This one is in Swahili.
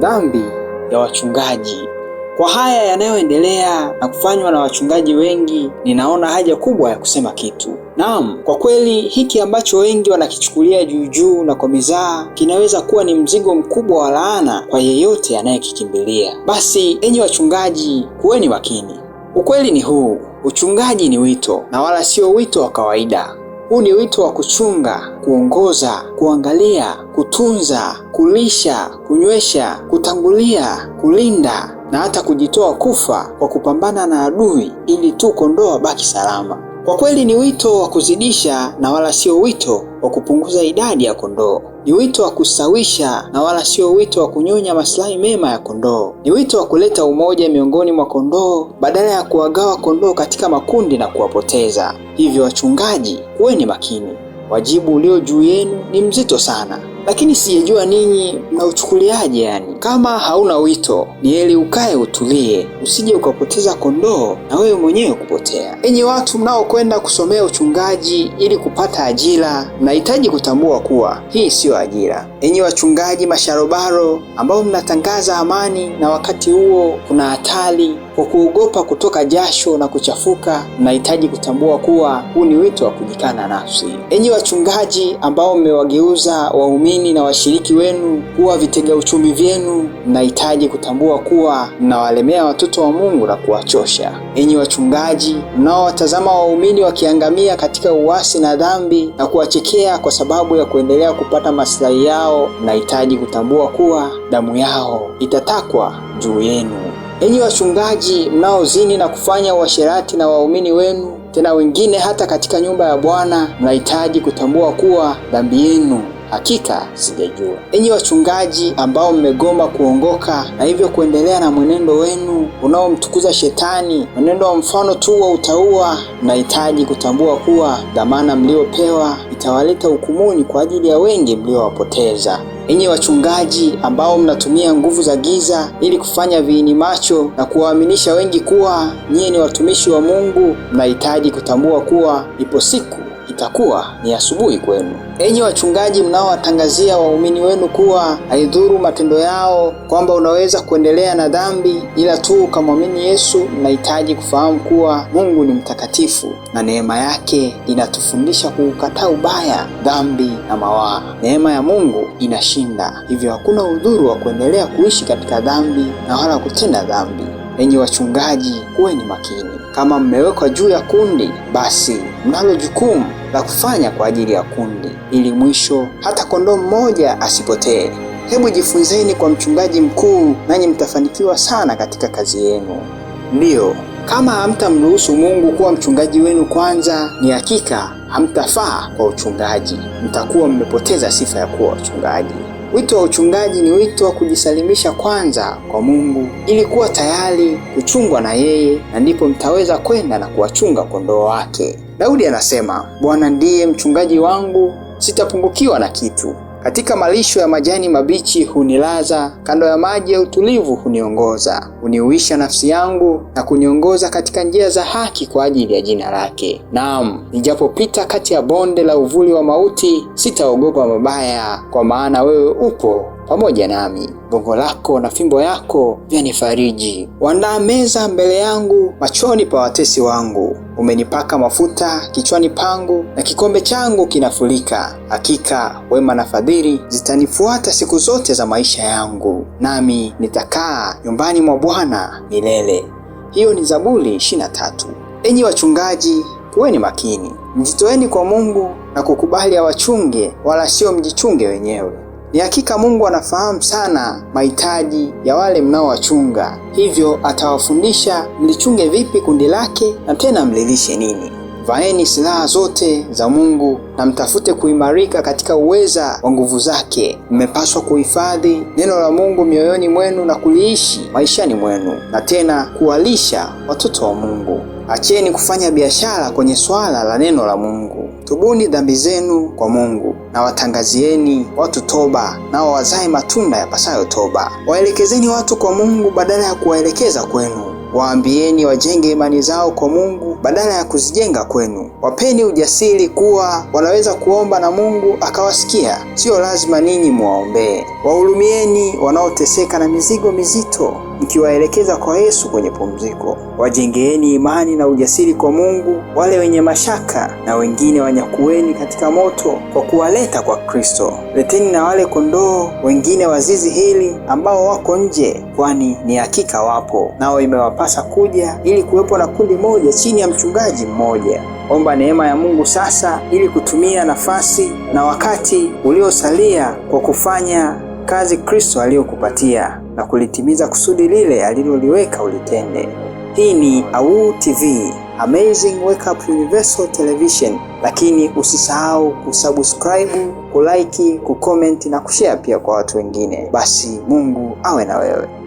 dhambi ya wachungaji. Kwa haya yanayoendelea na kufanywa na wachungaji wengi, ninaona haja kubwa ya kusema kitu. Naam, kwa kweli hiki ambacho wengi wanakichukulia juujuu na kwa mizaa kinaweza kuwa ni mzigo mkubwa wa laana kwa yeyote anayekikimbilia. Basi enyi wachungaji, kuweni makini. Ukweli ni huu, uchungaji ni wito na wala sio wito wa kawaida. Huu ni wito wa kuchunga, kuongoza, kuangalia, kutunza, kulisha, kunywesha, kutangulia, kulinda na hata kujitoa kufa kwa kupambana na adui ili tu kondoo wabaki salama. Kwa kweli ni wito wa kuzidisha na wala sio wito wa kupunguza idadi ya kondoo. Ni wito wa kusawisha na wala sio wito wa kunyonya maslahi mema ya kondoo. Ni wito wa kuleta umoja miongoni mwa kondoo badala ya kuwagawa kondoo katika makundi na kuwapoteza. Hivyo wachungaji, kuweni makini. Wajibu ulio juu yenu ni mzito sana, lakini sijejua ninyi mnauchukuliaje yani. Kama hauna wito, ni heri ukae utulie, usije ukapoteza kondoo na wewe mwenyewe kupotea. Enyi watu mnaokwenda kusomea uchungaji ili kupata ajira, mnahitaji kutambua kuwa hii siyo ajira. Enyi wachungaji masharobaro ambao mnatangaza amani na wakati huo kuna hatari kwa kuogopa kutoka jasho na kuchafuka, mnahitaji kutambua kuwa huu ni wito wa kujikana nafsi. Enyi wachungaji ambao mmewageuza waumini na washiriki wenu kuwa vitega uchumi vyenu mnahitaji kutambua kuwa mnawalemea watoto wa Mungu na kuwachosha. Enyi wachungaji mnaowatazama waumini wakiangamia katika uasi na dhambi na kuwachekea kwa sababu ya kuendelea kupata maslahi yao, mnahitaji kutambua kuwa damu yao itatakwa juu yenu. Enyi wachungaji mnaozini na kufanya uasherati na waumini wenu, tena wengine hata katika nyumba ya Bwana, mnahitaji kutambua kuwa dhambi yenu Hakika sijajua. Enyi wachungaji ambao mmegoma kuongoka na hivyo kuendelea na mwenendo wenu unaomtukuza Shetani, mwenendo wa mfano tu wa utauwa, mnahitaji kutambua kuwa dhamana mliopewa itawaleta hukumuni kwa ajili ya wengi mliowapoteza. Enyi wachungaji ambao mnatumia nguvu za giza ili kufanya viini macho na kuwaaminisha wengi kuwa nyie ni watumishi wa Mungu, mnahitaji kutambua kuwa ipo siku itakuwa ni asubuhi kwenu. Enyi wachungaji mnaowatangazia waumini wenu kuwa haidhuru matendo yao kwamba unaweza kuendelea na dhambi ila tu ukamwamini Yesu, mnahitaji kufahamu kuwa Mungu ni mtakatifu na neema yake inatufundisha kuukataa ubaya, dhambi na mawaa. Neema ya Mungu inashinda, hivyo hakuna udhuru wa kuendelea kuishi katika dhambi na wala kutenda dhambi. Enyi wachungaji, kuweni makini. Kama mmewekwa juu ya kundi, basi mnalo jukumu la kufanya kwa ajili ya kundi, ili mwisho hata kondoo mmoja asipotee. Hebu jifunzeni kwa mchungaji mkuu, nanyi mtafanikiwa sana katika kazi yenu. Ndiyo, kama hamtamruhusu Mungu kuwa mchungaji wenu kwanza, ni hakika hamtafaa kwa uchungaji, mtakuwa mmepoteza sifa ya kuwa wachungaji. Wito wa uchungaji ni wito wa kujisalimisha kwanza kwa Mungu ili kuwa tayari kuchungwa na yeye, na ndipo mtaweza kwenda na kuwachunga kondoo wake. Daudi anasema, Bwana ndiye mchungaji wangu, sitapungukiwa na kitu. Katika malisho ya majani mabichi hunilaza, kando ya maji ya utulivu huniongoza. Huniuisha nafsi yangu na kuniongoza katika njia za haki kwa ajili ya jina lake. Naam, nijapopita kati ya bonde la uvuli wa mauti, sitaogopa mabaya, kwa maana wewe upo pamoja nami. Gongo lako na fimbo yako vyanifariji. Wandaa meza mbele yangu machoni pa watesi wangu. Umenipaka mafuta kichwani pangu, na kikombe changu kinafurika. Hakika wema na fadhili zitanifuata siku zote za maisha yangu, nami nitakaa nyumbani mwa Bwana milele. Hiyo ni Zaburi ishirini tatu. Enyi wachungaji, kuweni makini, mjitoeni kwa Mungu na kukubali awachunge, wala sio mjichunge wenyewe. Ni hakika Mungu anafahamu sana mahitaji ya wale mnaowachunga, hivyo atawafundisha mlichunge vipi kundi lake na tena mlilishe nini. Vaeni silaha zote za Mungu na mtafute kuimarika katika uweza wa nguvu zake. Mmepaswa kuhifadhi neno la Mungu mioyoni mwenu na kuliishi maishani mwenu, na tena kuwalisha watoto wa Mungu. Acheni kufanya biashara kwenye swala la neno la Mungu. Tubuni dhambi zenu kwa Mungu na watangazieni watu toba, nao wazae matunda yapasayo toba. Waelekezeni watu kwa Mungu badala ya kuwaelekeza kwenu. Waambieni wajenge imani zao kwa Mungu badala ya kuzijenga kwenu. Wapeni ujasiri kuwa wanaweza kuomba na Mungu akawasikia, siyo lazima ninyi muwaombee. Wahurumieni wanaoteseka na mizigo mizito mkiwaelekeza kwa Yesu kwenye pumziko. Wajengeeni imani na ujasiri kwa Mungu wale wenye mashaka, na wengine wanyakueni katika moto kwa kuwaleta kwa Kristo. Leteni na wale kondoo wengine wa zizi hili ambao wako nje, kwani ni hakika wapo, nao imewapasa kuja ili kuwepo na kundi moja chini ya mchungaji mmoja. Omba neema ya Mungu sasa ili kutumia nafasi na wakati uliosalia kwa kufanya kazi Kristo aliyokupatia na kulitimiza kusudi lile aliloliweka ulitende. Hii ni AWUU TV, Amazing Wake Up Universal Television, lakini usisahau kusubscribe, kulike, kucomment na kushare pia kwa watu wengine. Basi Mungu awe na wewe.